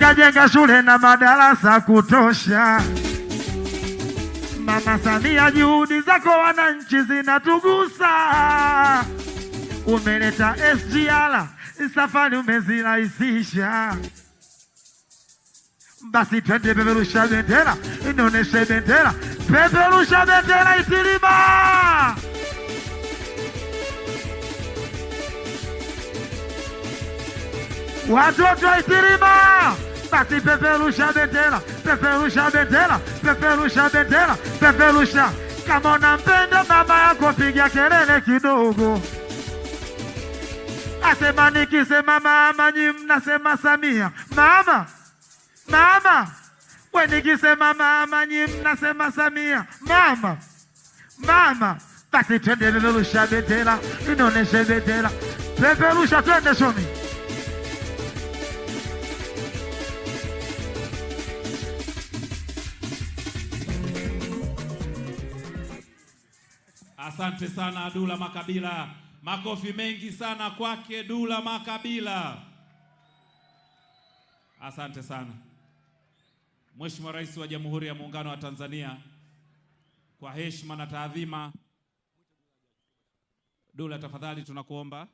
Kajenga shule na madarasa kutosha. Mama Samia, juhudi zako wananchi zinatugusa. Umeleta SGR, safari umezirahisisha. Basi twende, peperusha bendera, inoneshe bendera, peperusha bendera Itilima. Watoto Itilima! Patrick Pepelucha Bendela, Pepelucha Bendela, na Bendela, Pepelucha. Kama unampenda baba yako piga A kidogo. que se mama na mnasema Samia. Mama. Mama. que se mama nyi mnasema Samia. Mama. Mama. Basi twende Pepelusha Bendela, inaoneshe Bendela. Pepelusha twende shomi. Asante sana Dula Makabila, makofi mengi sana kwake Dula Makabila. Asante sana Mheshimiwa Rais wa Jamhuri ya Muungano wa Tanzania, kwa heshima na taadhima. Dula, tafadhali tunakuomba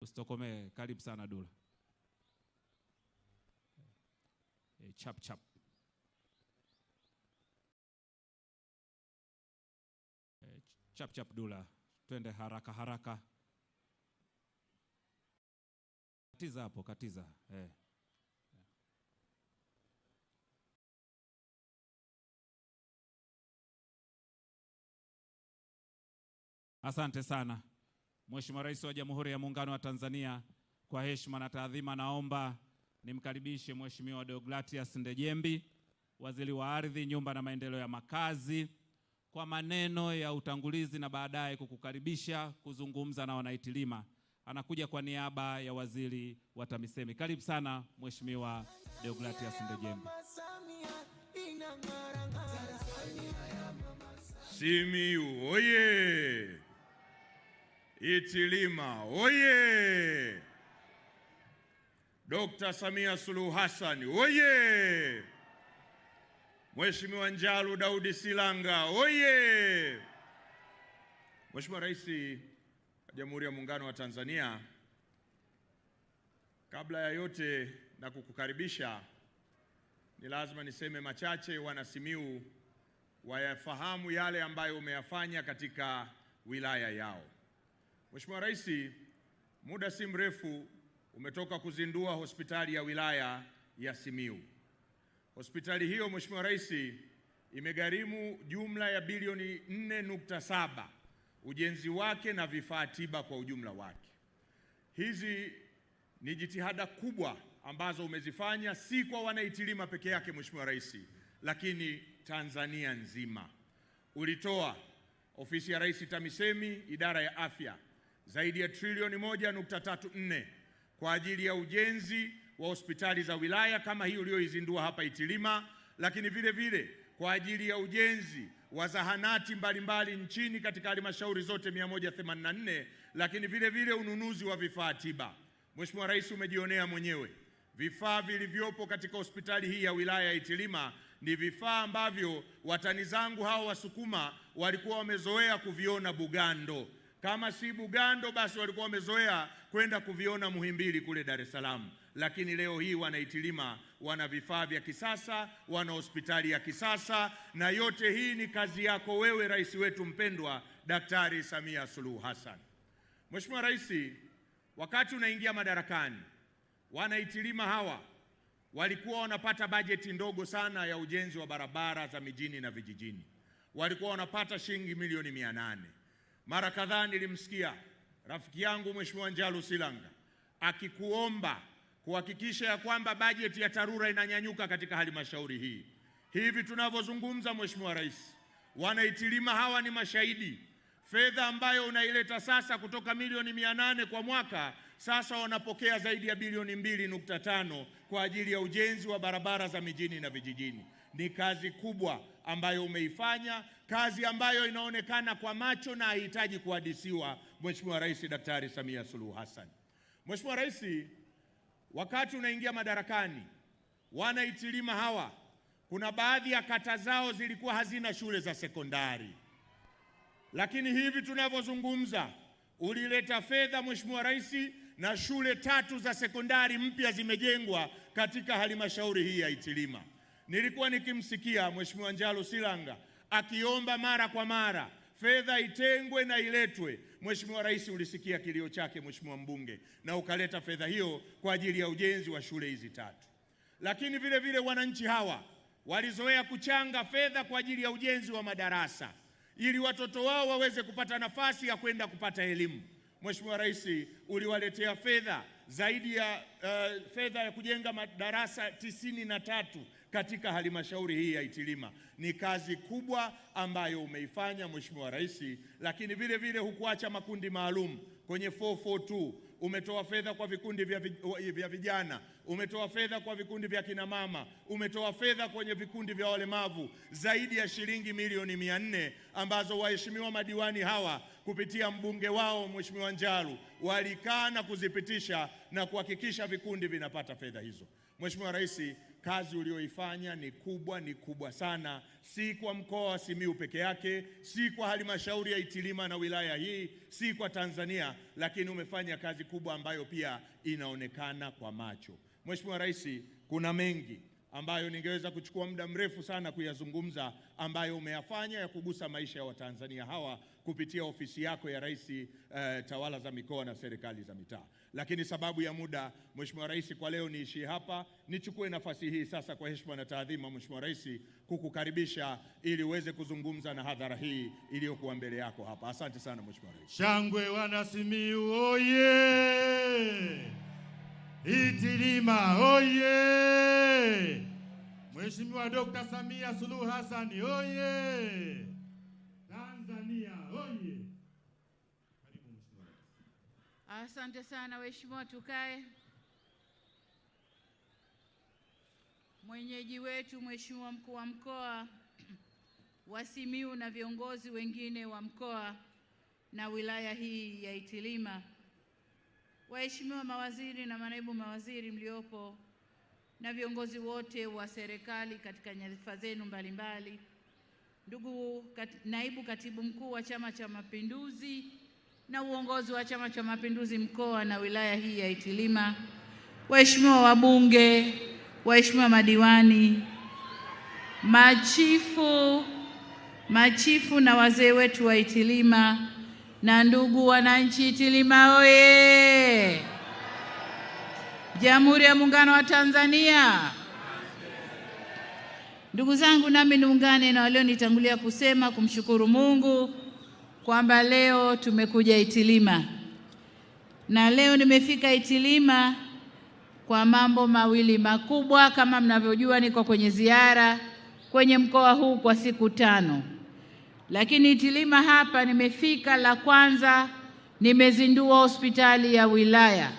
usitokomee. Karibu sana Dula. E, chap chap. chap chap dula, twende haraka haraka. Katiza hapo, katiza eh. Asante sana Mheshimiwa Rais wa Jamhuri ya Muungano wa Tanzania, kwa heshima na taadhima, naomba nimkaribishe Mheshimiwa Deogratias Ndejembi, Waziri wa Ardhi, Nyumba na Maendeleo ya Makazi, kwa maneno ya utangulizi na baadaye kukukaribisha kuzungumza na wanaitilima. Anakuja kwa niaba ya waziri wa TAMISEMI. Karibu sana Mheshimiwa Deogratias Ndejembe. Simiyu oye! Itilima oye! dokta Samia Suluhu Hassan oye! Mheshimiwa Njalu Daudi Silanga oye! Mheshimiwa Rais wa Jamhuri ya Muungano wa Tanzania, kabla ya yote na kukukaribisha, ni lazima niseme machache. Wanasimiu wayafahamu yale ambayo umeyafanya katika wilaya yao. Mheshimiwa Rais, muda si mrefu umetoka kuzindua hospitali ya wilaya ya Simiu. Hospitali hiyo Mheshimiwa Rais imegharimu jumla ya bilioni 4.7 ujenzi wake na vifaa tiba kwa ujumla wake. Hizi ni jitihada kubwa ambazo umezifanya si kwa wanaitilima peke yake Mheshimiwa Rais, lakini Tanzania nzima. Ulitoa ofisi ya Rais TAMISEMI, idara ya afya, zaidi ya trilioni 1.34 kwa ajili ya ujenzi wa hospitali za wilaya kama hii uliyoizindua hapa Itilima, lakini vile vile kwa ajili ya ujenzi wa zahanati mbalimbali nchini katika halmashauri zote 184, lakini vile vile ununuzi wa vifaa tiba. Mheshimiwa Rais, umejionea mwenyewe vifaa vilivyopo katika hospitali hii ya wilaya ya Itilima ni vifaa ambavyo watani zangu hawa Wasukuma walikuwa wamezoea kuviona Bugando. Kama si Bugando basi walikuwa wamezoea kwenda kuviona Muhimbili kule Dar es Salaam, lakini leo hii wanaitilima, wana vifaa vya kisasa, wana hospitali ya kisasa, na yote hii ni kazi yako wewe, rais wetu mpendwa Daktari Samia Suluhu Hassan. Mheshimiwa Rais, wakati unaingia madarakani, wanaitilima hawa walikuwa wanapata bajeti ndogo sana ya ujenzi wa barabara za mijini na vijijini, walikuwa wanapata shilingi milioni mia nane mara kadhaa nilimsikia rafiki yangu Mheshimiwa Njalu Silanga akikuomba kuhakikisha ya kwamba bajeti ya TARURA inanyanyuka katika halmashauri hii. Hivi tunavyozungumza, Mheshimiwa Rais, wanaitilima hawa ni mashahidi. Fedha ambayo unaileta sasa kutoka milioni mia nane kwa mwaka sasa wanapokea zaidi ya bilioni mbili nukta tano kwa ajili ya ujenzi wa barabara za mijini na vijijini. Ni kazi kubwa ambayo umeifanya, kazi ambayo inaonekana kwa macho na haihitaji kuhadisiwa. Mheshimiwa Rais Daktari Samia Suluhu Hassan. Mheshimiwa Rais, wakati unaingia madarakani, wana Itilima hawa kuna baadhi ya kata zao zilikuwa hazina shule za sekondari, lakini hivi tunavyozungumza ulileta fedha Mheshimiwa Rais, na shule tatu za sekondari mpya zimejengwa katika halmashauri hii ya Itilima. Nilikuwa nikimsikia Mheshimiwa Njalo Silanga akiomba mara kwa mara fedha itengwe na iletwe. Mheshimiwa Rais, ulisikia kilio chake Mheshimiwa mbunge, na ukaleta fedha hiyo kwa ajili ya ujenzi wa shule hizi tatu. Lakini vile vile wananchi hawa walizoea kuchanga fedha kwa ajili ya ujenzi wa madarasa ili watoto wao waweze kupata nafasi ya kwenda kupata elimu. Mheshimiwa Rais, uliwaletea fedha zaidi ya uh, fedha ya kujenga madarasa tisini na tatu katika halmashauri hii ya Itilima. Ni kazi kubwa ambayo umeifanya Mheshimiwa Rais, lakini vile vile hukuacha makundi maalum kwenye 442 umetoa fedha kwa vikundi vya vijana, umetoa fedha kwa vikundi vya kinamama, umetoa fedha kwenye vikundi vya walemavu zaidi ya shilingi milioni mia nne ambazo waheshimiwa madiwani hawa kupitia mbunge wao Mheshimiwa Njalu walikaa na kuzipitisha na kuhakikisha vikundi vinapata fedha hizo. Mheshimiwa Rais, kazi ulioifanya ni kubwa, ni kubwa sana, si kwa mkoa wa Simiyu peke yake, si kwa halmashauri ya Itilima na wilaya hii, si kwa Tanzania, lakini umefanya kazi kubwa ambayo pia inaonekana kwa macho. Mheshimiwa Rais, kuna mengi ambayo ningeweza kuchukua muda mrefu sana kuyazungumza ambayo umeyafanya ya kugusa maisha ya Watanzania hawa kupitia ofisi yako ya rais uh, tawala za mikoa na serikali za mitaa. Lakini sababu ya muda, Mheshimiwa Rais, kwa leo niishie hapa. Nichukue nafasi hii sasa kwa heshima na taadhima, Mheshimiwa Rais, kukukaribisha ili uweze kuzungumza na hadhara hii iliyokuwa mbele yako hapa. Asante sana Mheshimiwa Rais. Shangwe wanasimiu oye! Itilima oye! Mheshimiwa Dr. Samia Suluhu Hassan oye! Asante sana waheshimiwa, tukae. Mwenyeji wetu Mheshimiwa mkuu wa mkoa wa Simiyu na viongozi wengine wa mkoa na wilaya hii ya Itilima, waheshimiwa mawaziri na manaibu mawaziri mliopo, na viongozi wote wa serikali katika nyadhifa zenu mbalimbali, ndugu kat, naibu katibu mkuu wa Chama cha Mapinduzi na uongozi wa Chama cha Mapinduzi mkoa na wilaya hii ya Itilima, waheshimiwa wabunge, waheshimiwa madiwani, machifu, machifu na wazee wetu wa Itilima na ndugu wananchi Itilima oye! Jamhuri ya Muungano wa Tanzania. Ndugu zangu, nami niungane na walionitangulia kusema kumshukuru Mungu kwamba leo tumekuja Itilima na leo nimefika Itilima kwa mambo mawili makubwa. Kama mnavyojua, niko kwenye ziara kwenye mkoa huu kwa siku tano, lakini Itilima hapa nimefika, la kwanza nimezindua hospitali ya wilaya.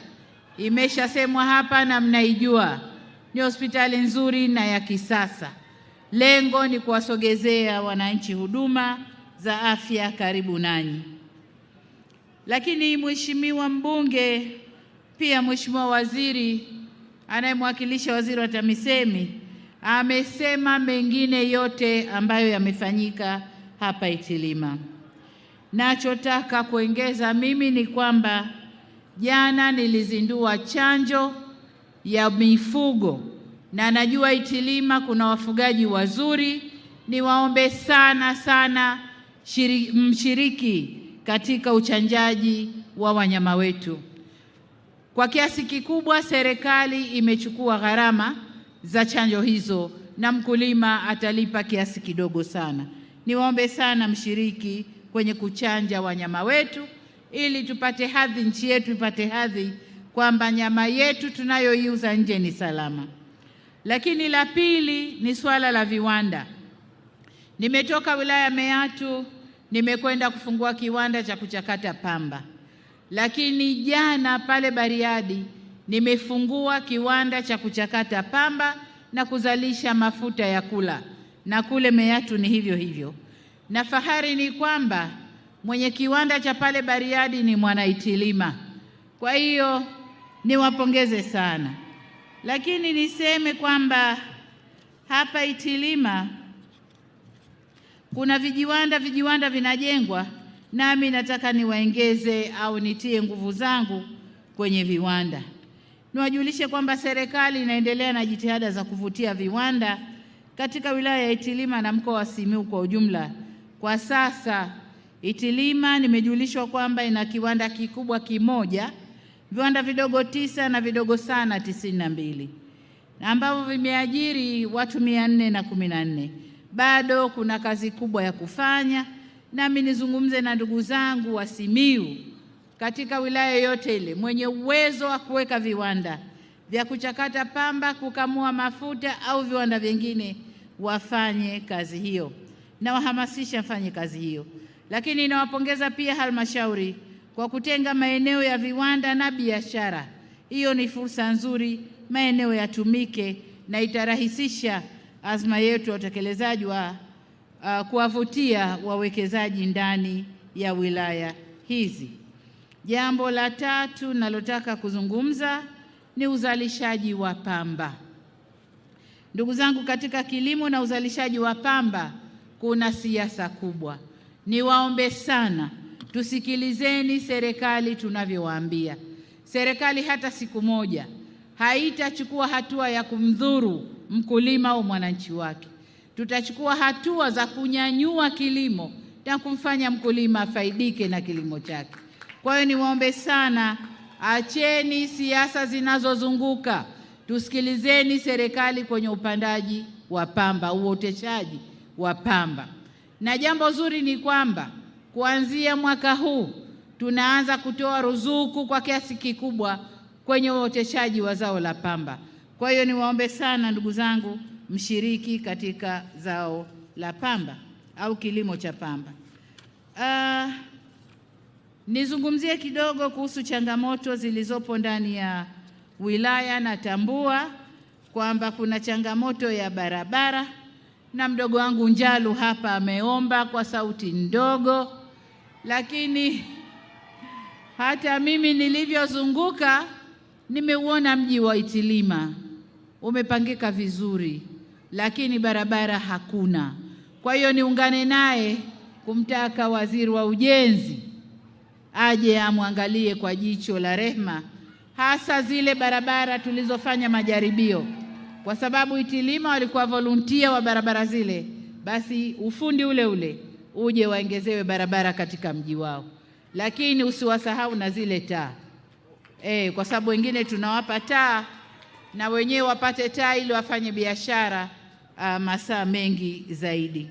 Imeshasemwa hapa na mnaijua, ni hospitali nzuri na ya kisasa. Lengo ni kuwasogezea wananchi huduma za afya karibu nanyi. Lakini mheshimiwa mbunge, pia mheshimiwa waziri anayemwakilisha waziri wa TAMISEMI amesema mengine yote ambayo yamefanyika hapa Itilima. Nachotaka kuongeza mimi ni kwamba jana nilizindua chanjo ya mifugo na najua Itilima kuna wafugaji wazuri, niwaombe sana sana shiri, mshiriki katika uchanjaji wa wanyama wetu. Kwa kiasi kikubwa serikali imechukua gharama za chanjo hizo na mkulima atalipa kiasi kidogo sana. Niwaombe sana mshiriki kwenye kuchanja wanyama wetu ili tupate hadhi, nchi yetu ipate hadhi kwamba nyama yetu tunayoiuza nje ni salama. Lakini la pili ni suala la viwanda. Nimetoka wilaya ya Meatu, nimekwenda kufungua kiwanda cha kuchakata pamba, lakini jana pale Bariadi nimefungua kiwanda cha kuchakata pamba na kuzalisha mafuta ya kula, na kule Meatu ni hivyo hivyo, na fahari ni kwamba mwenye kiwanda cha pale Bariadi ni Mwanaitilima. Kwa hiyo niwapongeze sana, lakini niseme kwamba hapa Itilima kuna vijiwanda vijiwanda vinajengwa, nami nataka niwaengeze au nitie nguvu zangu kwenye viwanda. Niwajulishe kwamba serikali inaendelea na jitihada za kuvutia viwanda katika wilaya ya Itilima na mkoa wa Simiyu kwa ujumla. Kwa sasa Itilima nimejulishwa kwamba ina kiwanda kikubwa kimoja, viwanda vidogo tisa na vidogo sana tisini na mbili ambavyo vimeajiri watu mia nne na kumi na nne bado kuna kazi kubwa ya kufanya. Nami nizungumze na ndugu zangu wa Simiyu katika wilaya yote ile, mwenye uwezo wa kuweka viwanda vya kuchakata pamba, kukamua mafuta au viwanda vingine, wafanye kazi hiyo. Nawahamasisha mfanye kazi hiyo, lakini nawapongeza pia halmashauri kwa kutenga maeneo ya viwanda na biashara. Hiyo ni fursa nzuri, maeneo yatumike na itarahisisha azma yetu ya utekelezaji wa uh, kuwavutia wawekezaji ndani ya wilaya hizi. Jambo la tatu nalotaka kuzungumza ni uzalishaji wa pamba. Ndugu zangu, katika kilimo na uzalishaji wa pamba kuna siasa kubwa. Niwaombe sana, tusikilizeni serikali tunavyowaambia. Serikali hata siku moja haitachukua hatua ya kumdhuru mkulima au mwananchi wake. Tutachukua hatua za kunyanyua kilimo na kumfanya mkulima afaidike na kilimo chake. Kwa hiyo niwaombe sana, acheni siasa zinazozunguka, tusikilizeni serikali kwenye upandaji wa pamba, uoteshaji wa pamba. Na jambo zuri ni kwamba kuanzia mwaka huu tunaanza kutoa ruzuku kwa kiasi kikubwa kwenye uoteshaji wa zao la pamba. Kwa hiyo niwaombe sana ndugu zangu, mshiriki katika zao la pamba au kilimo cha pamba. Uh, nizungumzie kidogo kuhusu changamoto zilizopo ndani ya wilaya. Natambua kwamba kuna changamoto ya barabara na mdogo wangu Njalu hapa ameomba kwa sauti ndogo, lakini hata mimi nilivyozunguka nimeuona mji wa Itilima umepangika vizuri, lakini barabara hakuna. Kwa hiyo niungane naye kumtaka waziri wa ujenzi aje amwangalie kwa jicho la rehema, hasa zile barabara tulizofanya majaribio, kwa sababu Itilima walikuwa volunteer wa barabara zile, basi ufundi ule ule uje waongezewe barabara katika mji wao, lakini usiwasahau na zile taa e, kwa sababu wengine tunawapa taa na wenyewe wapate taa ili wafanye biashara uh, masaa mengi zaidi.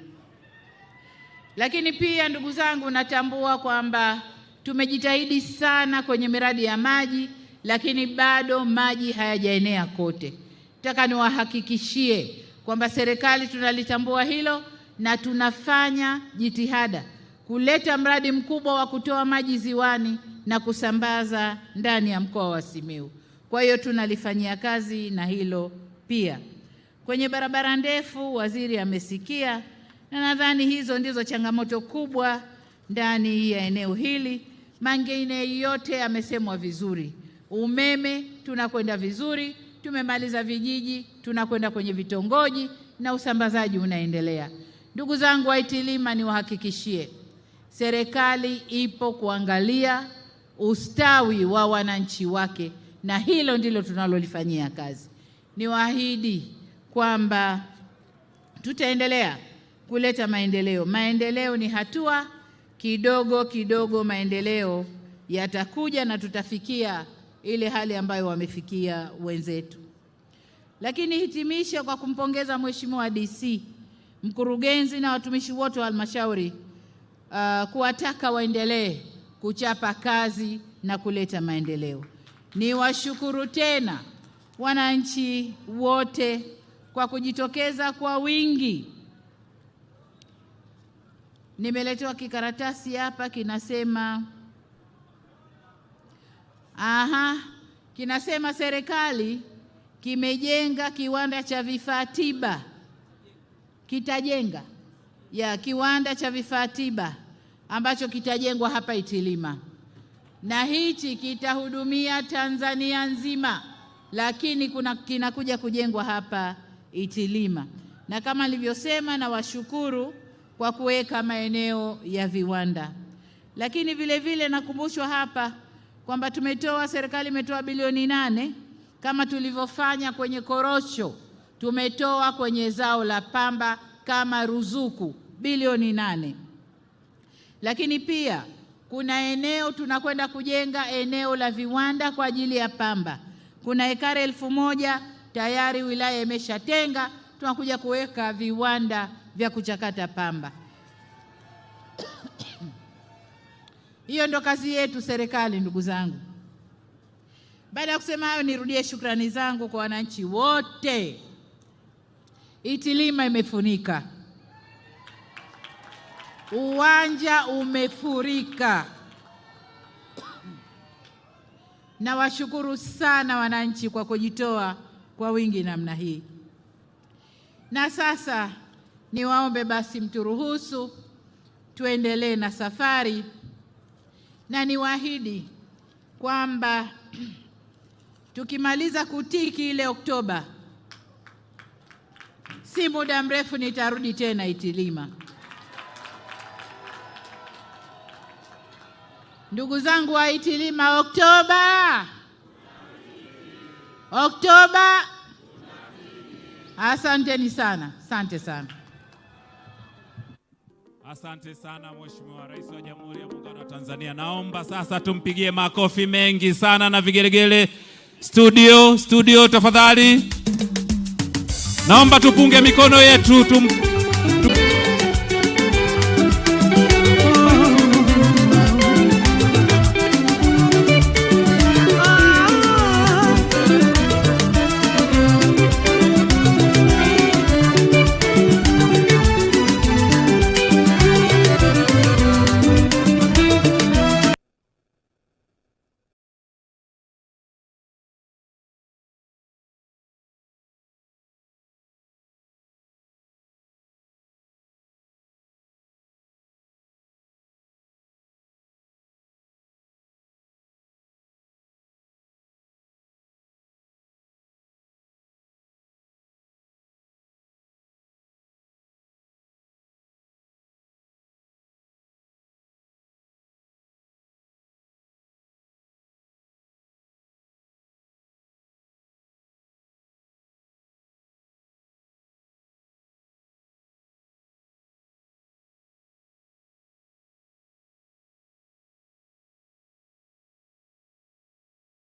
Lakini pia ndugu zangu, natambua kwamba tumejitahidi sana kwenye miradi ya maji, lakini bado maji hayajaenea kote. Nataka niwahakikishie kwamba serikali tunalitambua hilo na tunafanya jitihada kuleta mradi mkubwa wa kutoa maji ziwani na kusambaza ndani ya mkoa wa Simiyu. Kwa hiyo tunalifanyia kazi na hilo pia. Kwenye barabara ndefu, waziri amesikia, na nadhani hizo ndizo changamoto kubwa ndani ya eneo hili. mangine yote amesemwa vizuri. Umeme tunakwenda vizuri, tumemaliza vijiji, tunakwenda kwenye vitongoji na usambazaji unaendelea. Ndugu zangu Waitilima, niwahakikishie serikali ipo kuangalia ustawi wa wananchi wake na hilo ndilo tunalolifanyia kazi. Niwaahidi kwamba tutaendelea kuleta maendeleo. Maendeleo ni hatua, kidogo kidogo maendeleo yatakuja na tutafikia ile hali ambayo wamefikia wenzetu. Lakini hitimishe kwa kumpongeza Mheshimiwa DC, mkurugenzi na watumishi wote wa halmashauri uh, kuwataka waendelee kuchapa kazi na kuleta maendeleo. Niwashukuru tena wananchi wote kwa kujitokeza kwa wingi. Nimeletewa kikaratasi hapa kinasema, aha, kinasema serikali kimejenga kiwanda cha vifaa tiba, kitajenga ya kiwanda cha vifaa tiba ambacho kitajengwa hapa Itilima na hichi kitahudumia Tanzania nzima, lakini kuna kinakuja kujengwa hapa Itilima, na kama nilivyosema, na washukuru kwa kuweka maeneo ya viwanda, lakini vile vile nakumbushwa hapa kwamba tumetoa, serikali imetoa bilioni nane kama tulivyofanya kwenye korosho, tumetoa kwenye zao la pamba kama ruzuku bilioni nane, lakini pia kuna eneo tunakwenda kujenga eneo la viwanda kwa ajili ya pamba, kuna ekari elfu moja tayari wilaya imeshatenga, tunakuja kuweka viwanda vya kuchakata pamba. Hiyo ndo kazi yetu serikali, ndugu zangu. Baada ya kusema hayo, nirudie shukrani zangu kwa wananchi wote. Itilima imefunika uwanja umefurika. Nawashukuru sana wananchi kwa kujitoa kwa wingi namna hii. Na sasa niwaombe basi mturuhusu tuendelee na safari, na niwaahidi kwamba tukimaliza kutiki ile Oktoba, si muda mrefu nitarudi tena Itilima. Ndugu zangu wa Itilima, Oktoba, Oktoba. Asanteni sana, asante sana. Asante sana Mheshimiwa Rais wa Jamhuri ya Muungano wa Tanzania. Naomba sasa tumpigie makofi mengi sana na vigelegele. Studio, studio tafadhali. Naomba tupunge mikono yetu tum